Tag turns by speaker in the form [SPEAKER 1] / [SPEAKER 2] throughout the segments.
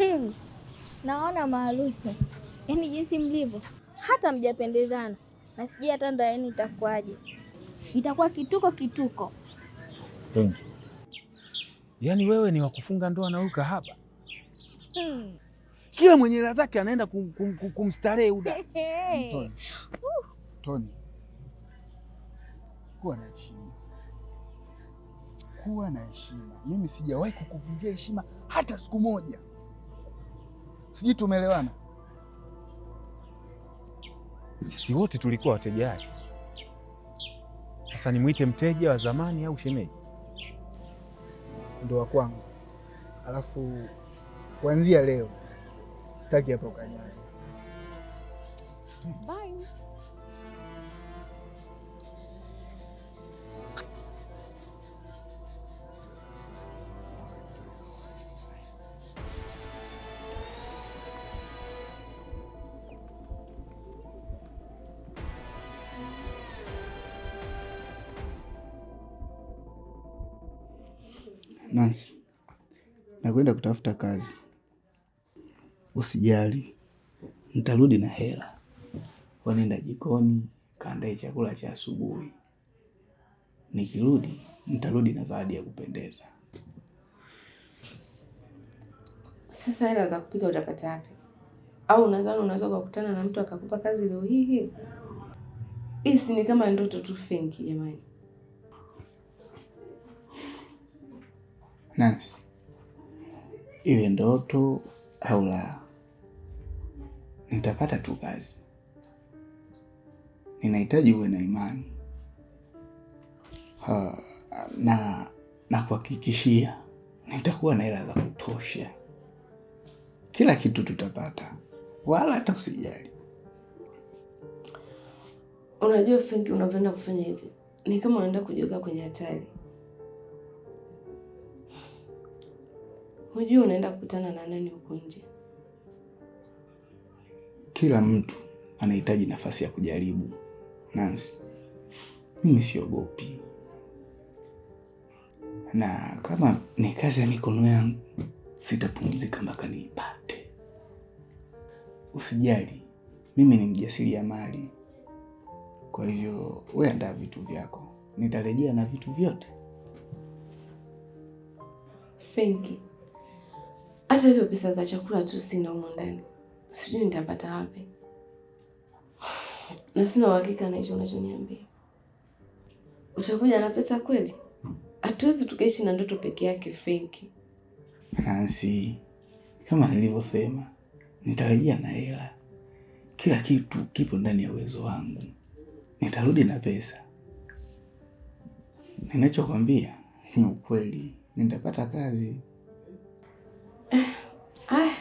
[SPEAKER 1] Hmm. Naona maarusi, yaani jinsi mlivyo hata mjapendezana, na sijui hata ndoa yenu itakuwaje, itakuwa kituko kituko.
[SPEAKER 2] Hmm. Yaani wewe ni wakufunga ndoa na huyu kahaba? Hmm. Kila mwenye hela zake anaenda kum, kum, kum, kumstarehe uda. Tony. Uh. Tony. Kuwa na heshima, kuwa na heshima. Mimi sijawahi kukuvunjia heshima hata siku moja. Sijui tumeelewana. Sisi wote tulikuwa wateja wake. Sasa nimwite mteja wa zamani au shemeji? Ndo wa kwangu, alafu kuanzia leo sitaki hapa ukanyani. Bye. kwenda kutafuta kazi, usijali, nitarudi na hela. Wanenda jikoni kaandae chakula cha asubuhi, nikirudi nitarudi na zawadi ya kupendeza.
[SPEAKER 1] Sasa hela za kupika utapata wapi? Au unadhani unaweza kukutana na mtu akakupa kazi leo hii hii? Hii si ni kama ndoto tu fenki jamani.
[SPEAKER 2] Nancy, iwe ndoto au la, nitapata tu kazi. Ninahitaji uwe na imani ha, na nakuhakikishia nitakuwa na hela za kutosha, kila kitu tutapata, wala hata usijali.
[SPEAKER 1] Unajua Fenki, unavyoenda kufanya hivi ni kama unaenda kujiweka kwenye hatari. Hujua unaenda kukutana na nani huko nje.
[SPEAKER 2] Kila mtu anahitaji nafasi ya kujaribu. Nancy, mimi siogopi, na kama ni kazi ya mikono yangu sitapumzika mpaka niipate. Usijali, mimi ni mali kwa hivyo wewe andaa vitu vyako, nitarejea na vitu vyote.
[SPEAKER 1] Thank you. Hata hivyo pesa za chakula tu sina humu ndani, sijui nitapata wapi, na sina uhakika na hicho unachoniambia. Utakuja na pesa kweli? Hatuwezi tukaishi na ndoto peke yake. Fenki
[SPEAKER 2] Nancy, kama nilivyosema, nitarejea na hela. Kila kitu kipo ndani ya uwezo wangu, nitarudi na pesa. Ninachokwambia ni ukweli, nitapata kazi.
[SPEAKER 1] Aya, ah,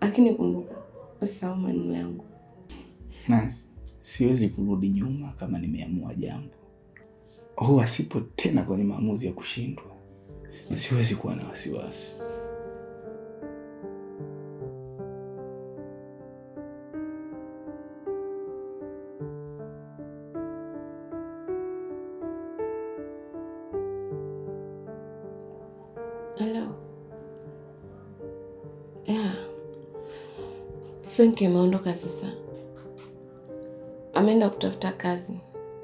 [SPEAKER 1] lakini kumbuka usisahau maneno yangu.
[SPEAKER 2] Nancy, siwezi kurudi nyuma kama nimeamua jambo. Huwa sipo tena kwenye maamuzi ya kushindwa. Siwezi kuwa na wasiwasi.
[SPEAKER 1] Yeah. Frank ameondoka sasa, ameenda kutafuta kazi,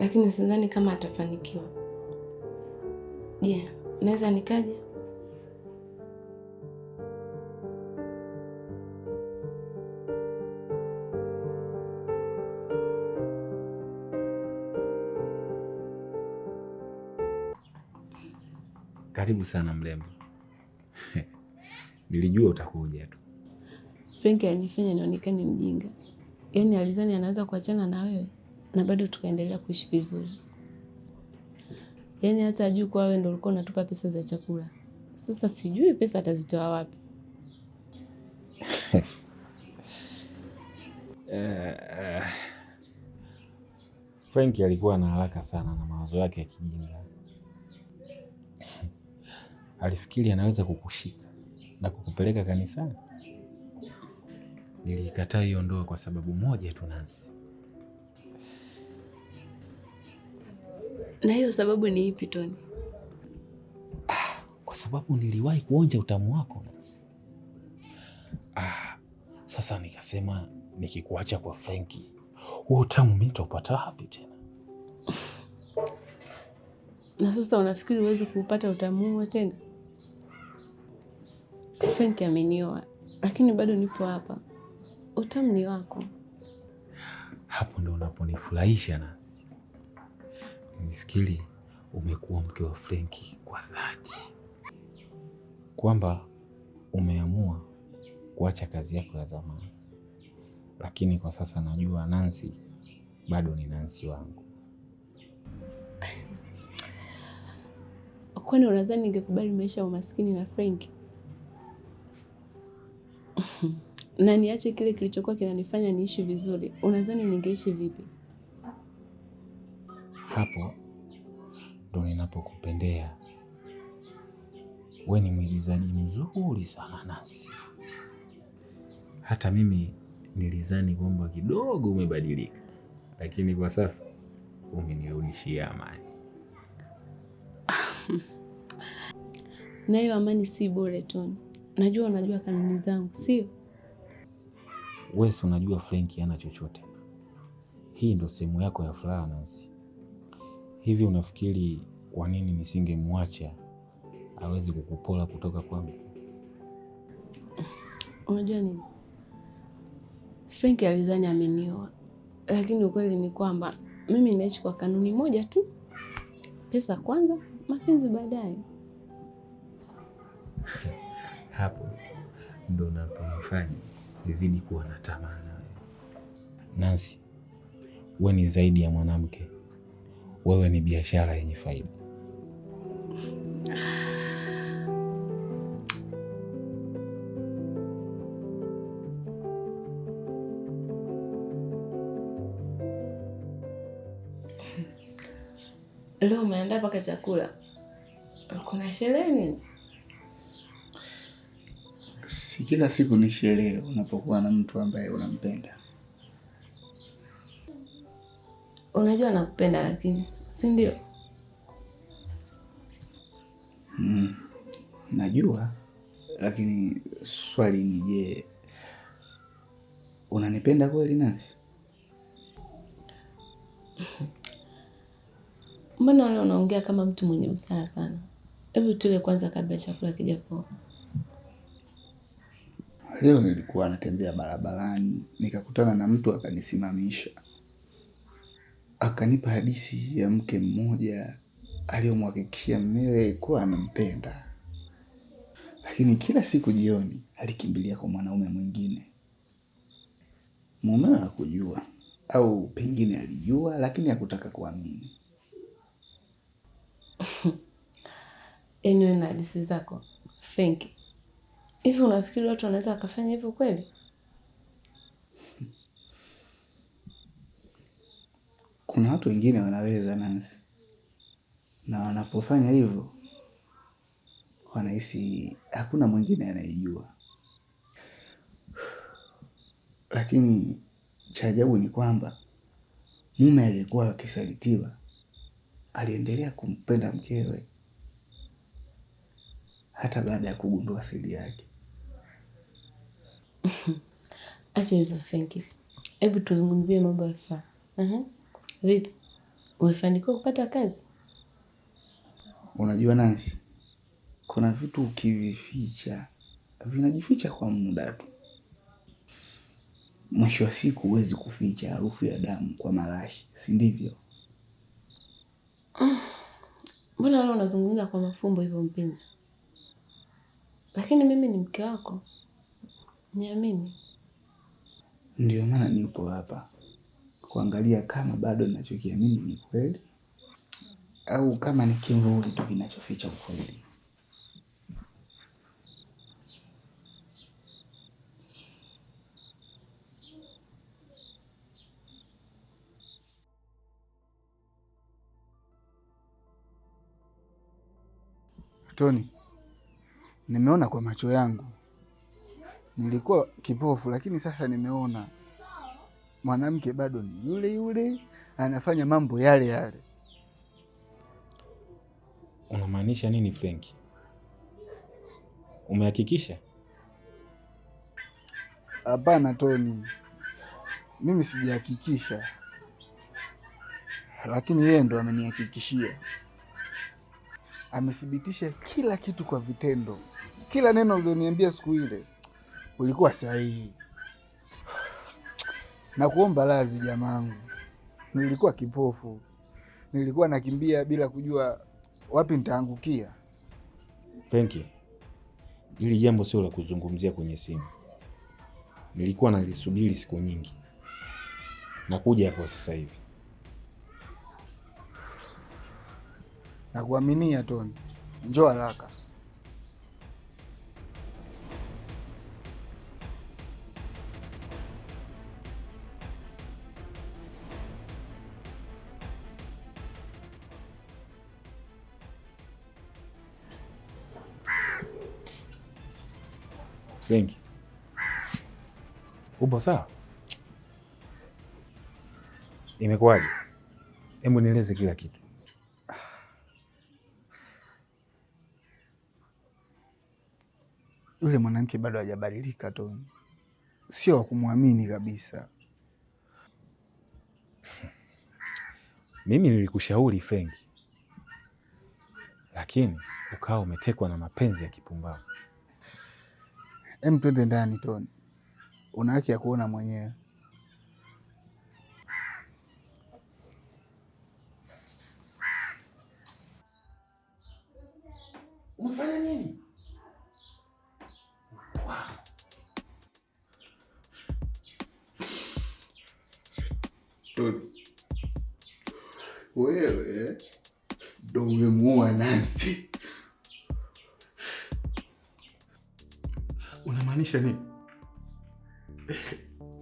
[SPEAKER 1] lakini sidhani kama atafanikiwa. Je, yeah, naweza nikaja?
[SPEAKER 2] Karibu sana mrembo. Nilijua utakuja tu.
[SPEAKER 1] Frank alinifanya nionekane mjinga, yaani alizani anaweza kuachana na wewe na bado tukaendelea kuishi vizuri, yaani hata ajui kwa wewe ndio ulikuwa unatupa pesa za chakula. Sasa sijui pesa atazitoa wapi. Uh,
[SPEAKER 2] eh, eh. Frank alikuwa na haraka sana na mawazo yake ya kijinga. Alifikiri anaweza kukushika na kukupeleka kanisani. Nilikataa hiyo ndoa kwa sababu moja tu, nansi
[SPEAKER 1] Na hiyo sababu ni ipi Toni?
[SPEAKER 2] Ah, kwa sababu niliwahi kuonja utamu wako Nancy. Ah, sasa nikasema nikikuacha kwa Frenki, huo utamu mimi nitaupata wapi tena?
[SPEAKER 1] Na sasa unafikiri huwezi kuupata utamu huo tena? Frank amenioa, lakini bado nipo hapa. Utamu ni wako.
[SPEAKER 2] Hapo ndo unaponifurahisha nasi. Nifikiri umekuwa mke wa Frenki kwa dhati, kwamba umeamua kuacha kazi yako ya zamani, lakini kwa sasa najua Nancy bado ni Nancy wangu.
[SPEAKER 1] Kwani unadhani ningekubali maisha ya umaskini na Frenki? na niache kile kilichokuwa kinanifanya niishi vizuri, unadhani ningeishi vipi?
[SPEAKER 2] Hapo ndo ninapokupendea we, ni mwigizaji mzuri sana nasi. Hata mimi nilizani kwamba kidogo umebadilika, lakini kwa sasa umenirudishia amani.
[SPEAKER 1] Nayo amani si bure tu. Najua unajua kanuni zangu, sio
[SPEAKER 2] wewe? unajua Frenki yana chochote. Hii ndo sehemu yako ya furaha, nansi Hivi unafikiri kwa nini nisingemwacha aweze kukupola kutoka kwangu?
[SPEAKER 1] Unajua nini, Frenki alizani amenioa, lakini ukweli ni kwamba mimi naishi kwa kanuni moja tu, pesa kwanza, mapenzi baadaye
[SPEAKER 2] hapo ndo napomfanya nizidi kuwa na tamaa na wewe. Nancy, wewe ni zaidi ya mwanamke, wewe ni biashara yenye faida.
[SPEAKER 1] Leo umeandaa mpaka chakula, kuna sherehe nini?
[SPEAKER 2] Kila siku ni sherehe unapokuwa na mtu ambaye unampenda.
[SPEAKER 1] Unajua nakupenda lakini, si ndio?
[SPEAKER 2] Mm, najua lakini swali ni je, unanipenda kweli nasi?
[SPEAKER 1] Mbona unaongea kama mtu mwenye msala sana? Hebu tule kwanza kabla chakula kijapoa.
[SPEAKER 2] Leo nilikuwa natembea barabarani nikakutana na mtu akanisimamisha, akanipa hadithi ya mke mmoja aliyomhakikishia mmewe kuwa anampenda, lakini kila siku jioni alikimbilia kwa mwanaume mwingine. Mumewe hakujua au pengine alijua, lakini hakutaka kuamini.
[SPEAKER 1] Yaani na hadithi zako fenki Hivi unafikiri watu wanaweza wakafanya hivyo kweli?
[SPEAKER 2] Kuna watu wengine wanaweza, Nancy, na wanapofanya hivyo wanahisi hakuna mwingine anayejua, lakini cha ajabu ni kwamba mume aliyekuwa akisalitiwa aliendelea kumpenda mkewe hata baada ya kugundua siri yake.
[SPEAKER 1] Acha hizo Hebu tuzungumzie mambo ya faa. Vipi? Umefanikiwa kupata kazi?
[SPEAKER 2] Unajua Nancy, kuna vitu ukivificha vinajificha kwa muda tu, mwisho wa siku huwezi kuficha harufu ya damu kwa marashi, si ndivyo?
[SPEAKER 1] Mbona leo unazungumza kwa mafumbo hivyo mpenzi? Lakini mimi ni mke wako. Niamini.
[SPEAKER 2] Ndio maana nipo hapa kuangalia kama bado ninachokiamini ni kweli au kama ni kivuli tu kinachoficha ukweli. Toni, nimeona kwa macho yangu nilikuwa kipofu, lakini sasa nimeona mwanamke bado ni yule yule, anafanya mambo yale yale. Unamaanisha nini Frenki? Umehakikisha? Hapana Toni, mimi sijahakikisha, lakini yeye ndo amenihakikishia. Amethibitisha kila kitu kwa vitendo, kila neno ulioniambia siku ile ulikuwa sahihi. Nakuomba lazi jamangu, nilikuwa kipofu, nilikuwa nakimbia bila kujua wapi nitaangukia. Fenki, hili jambo sio la kuzungumzia kwenye simu, nilikuwa nalisubiri siku nyingi, nakuja hapo sasa hivi. Nakuaminia Toni, njoo haraka. Benki upo sawa? Imekuwaje? Hebu nieleze kila kitu. Yule mwanamke bado hajabadilika, tu, Sio wa kumwamini kabisa. Mimi nilikushauri Fengi, lakini ukawa umetekwa na mapenzi ya kipumbavu. Em, twende ndani Toni, una haki ya kuona mwenyewe. Umefanya nini? wewe ndo umemuua Nancy. Unamaanisha nini?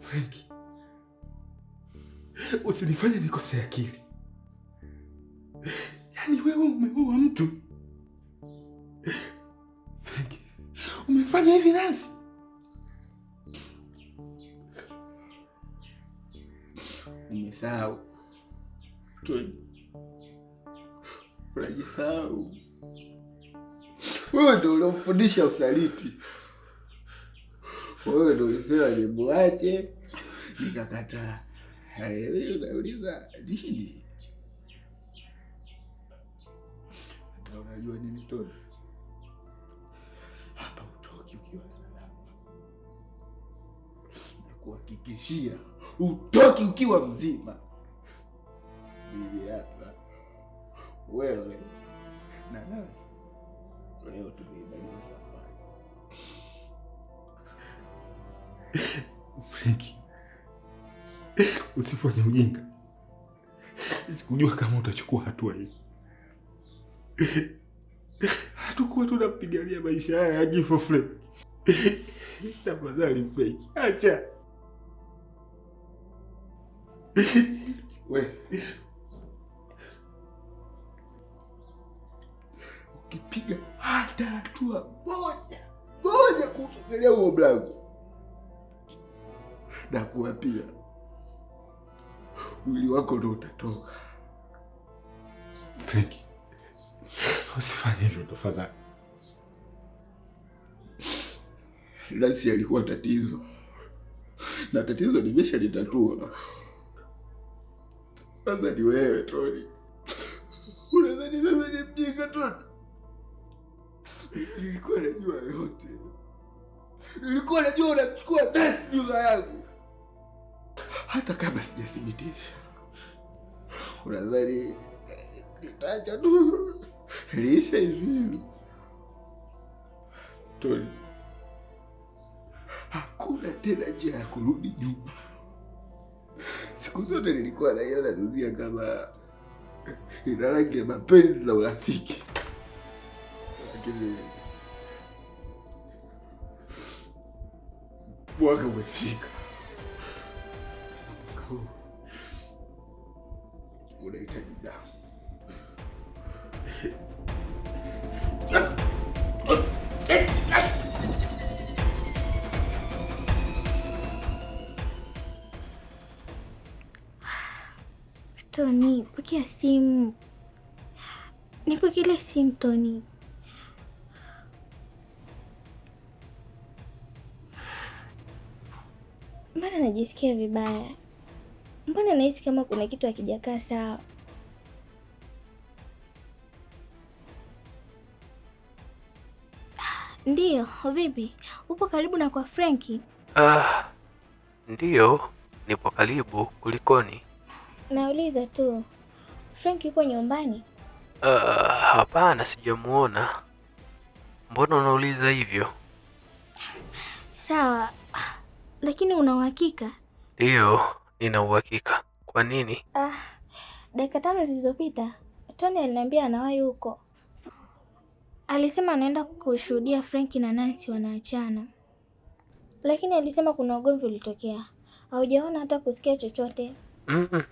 [SPEAKER 2] Frank, usinifanye nikose akili. Yaani wewe umeua mtu Frank, umefanya hivi nasi umesahau, unajisahau. Wewe ndio uliofundisha usaliti wewe ndio ulisema nimwache, nikakataa. Wewe unauliza nini? Na unajua nini Toni, hapa utoki ukiwa salama, na kuhakikishia utoki ukiwa mzima. Mimi hapa, wewe na nasi leo tumeibaliza Franki, usifanye ujinga. Sikujua kama utachukua hatua hii. Hatukuwa tunapigania maisha haya ya kifo Franki. Tafadhali Franki, acha. We, ukipiga hata hatua moja moja kusogelea huo mlango na kuwapia mwili wako ndo utatoka. Franki, usifanye hivyo tafadhali. Lasi alikuwa tatizo na tatizo limesha litatua. Sasa ni wewe Toni, unadhani mimi ni mjinga Toni? Nilikuwa najua yote, nilikuwa najua unachukua basi nyuma yangu hata kabla sijathibitisha. Unadhani eh, nitaacha tu liisha hivi? Toni, hakuna tena njia ya kurudi nyuma. Siku zote nilikuwa naiona dunia kama eh, ina rangi ya mapenzi na urafiki, lakini mwaka umefika
[SPEAKER 1] Tony, pergi asim. Ni pergi asim, lah Tony. Mana najisikia vibaya? Mbona nahisi kama kuna kitu hakijakaa sawa? Ah, ndiyo, vipi? Upo karibu na kwa Frenki?
[SPEAKER 3] Ah, ndiyo, nipo karibu. Kulikoni?
[SPEAKER 1] Nauliza tu. Frenki yupo nyumbani?
[SPEAKER 3] Ah, hapana, sijamuona. Mbona unauliza hivyo?
[SPEAKER 1] Sawa, lakini una uhakika?
[SPEAKER 3] Ndiyo. Nina uhakika. Kwa nini?
[SPEAKER 1] Ah, dakika tano zilizopita Tony aliniambia anawahi huko. Alisema anaenda kushuhudia Franki na Nancy wanaachana, lakini alisema kuna ugomvi ulitokea. Haujaona hata kusikia chochote?
[SPEAKER 3] mm -mm.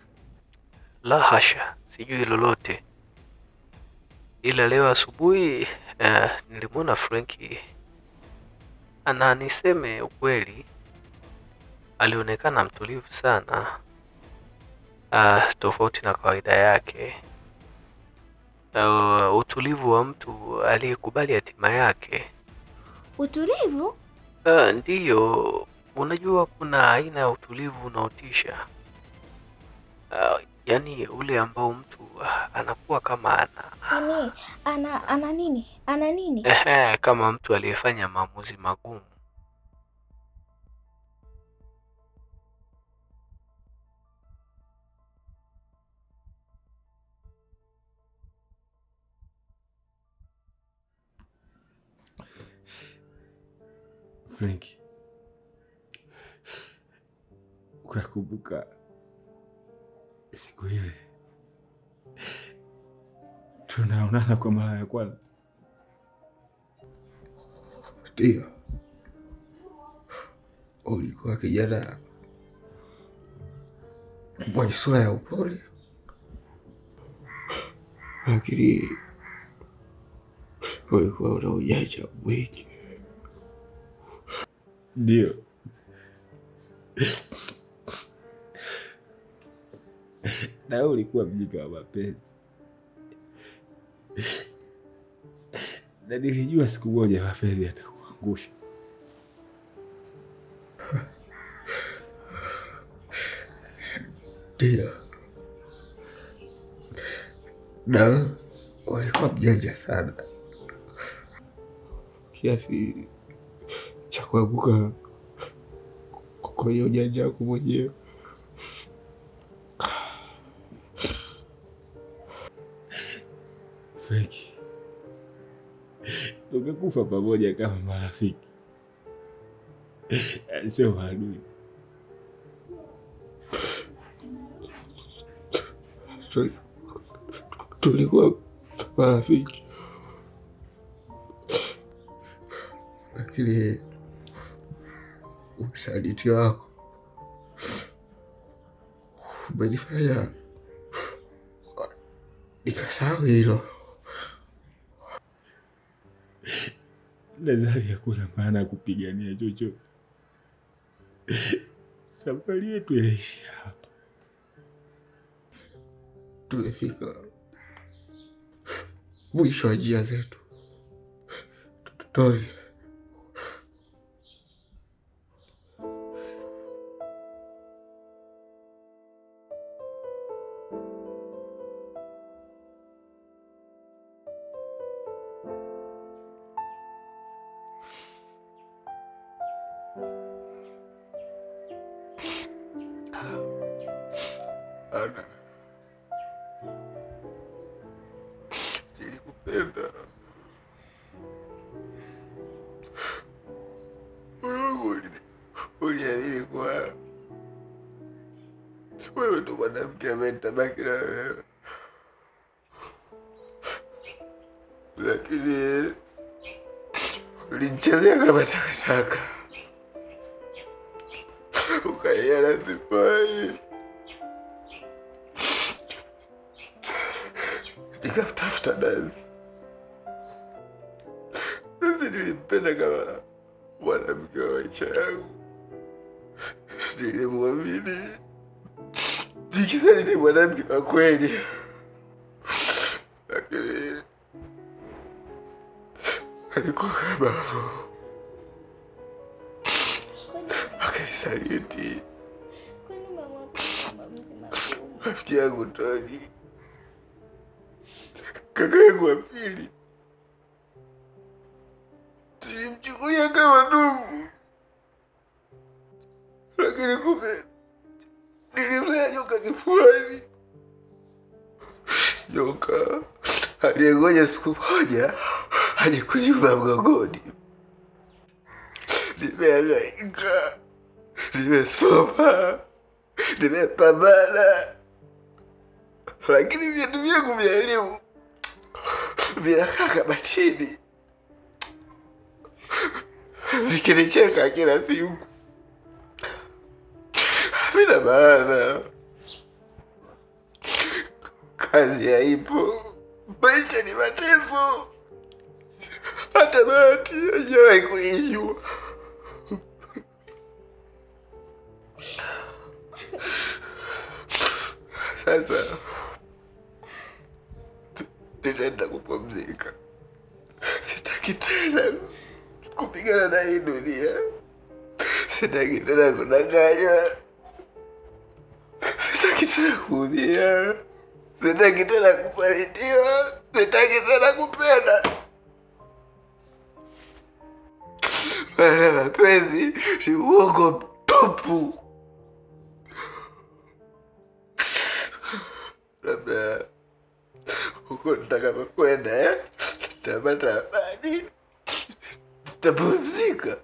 [SPEAKER 3] La hasha, sijui lolote, ila leo asubuhi uh, nilimwona Franki, ana niseme ukweli Alionekana mtulivu sana, ah, tofauti na kawaida yake. Uh, utulivu wa mtu aliyekubali hatima yake.
[SPEAKER 1] Utulivu?
[SPEAKER 3] Uh, ndiyo. Unajua kuna aina ya utulivu unaotisha. Uh, yaani ule ambao mtu uh, anakuwa kama
[SPEAKER 1] ana ana, ana nini? Ana nini?
[SPEAKER 3] kama mtu aliyefanya maamuzi magumu
[SPEAKER 2] Frank, unakumbuka siku ile tunaonana kwa mara ya kwanza? Ndio, ulikuwa kijana mwenye sura ya upole, lakini ulikuwa una ujanja mwingi ndio. Na wewe ulikuwa mjinga wa mapenzi, na nilijua siku moja mapenzi atakuangusha. Ndio. Na ulikuwa mjanja sana kiasi cha kuanguka kwenye ujanja wako mwenyewe. Feki, tungekufa pamoja kama marafiki, eh, sio maadui. Tulikuwa marafiki lakini Msaliti wako umenifanya nikasahau hilo. Nadhani hakuna maana ya kupigania chochote. Safari yetu inaishia hapa. Tumefika mwisho wa njia zetu, tutoe kujiamini kwa wewe ndo mwanamke ambaye nitabaki na wewe, lakini ulinichezea kama takataka, ukaia na sifai, nikatafuta Nazi. Nazi nilimpenda kama mwanamke wa maisha yangu nilimwamini. Jikizani ni mwanamke wa kweli, lakini alikuwa kama akanisaliti. Rafiki yangu Toni, kaka yangu wa pili, tulimchukulia kama ndugu lakini kumbe nilimea nyoka kifua hivi. Nyoka aliyengoja siku moja aje kuchuma mgongoni. Nimehangaika, nimesoma, nimepambana, lakini vitu vyangu vya elimu vinakaa kabatini vikinicheka kila siku maana kazi haipo, maisha ni mateso, hata bahati hajawahi kuijua. Sasa nitaenda kupumzika, sitaki tena kupigana na hii dunia, sitaki tena kudanganywa. Sitaki tena kuumia, sitaki tena kufaridiwa, sitaki tena kupenda. Maana mapenzi ni uongo mtupu. Labda huko nitakapokwenda eh, nitapata amani, nitapumzika.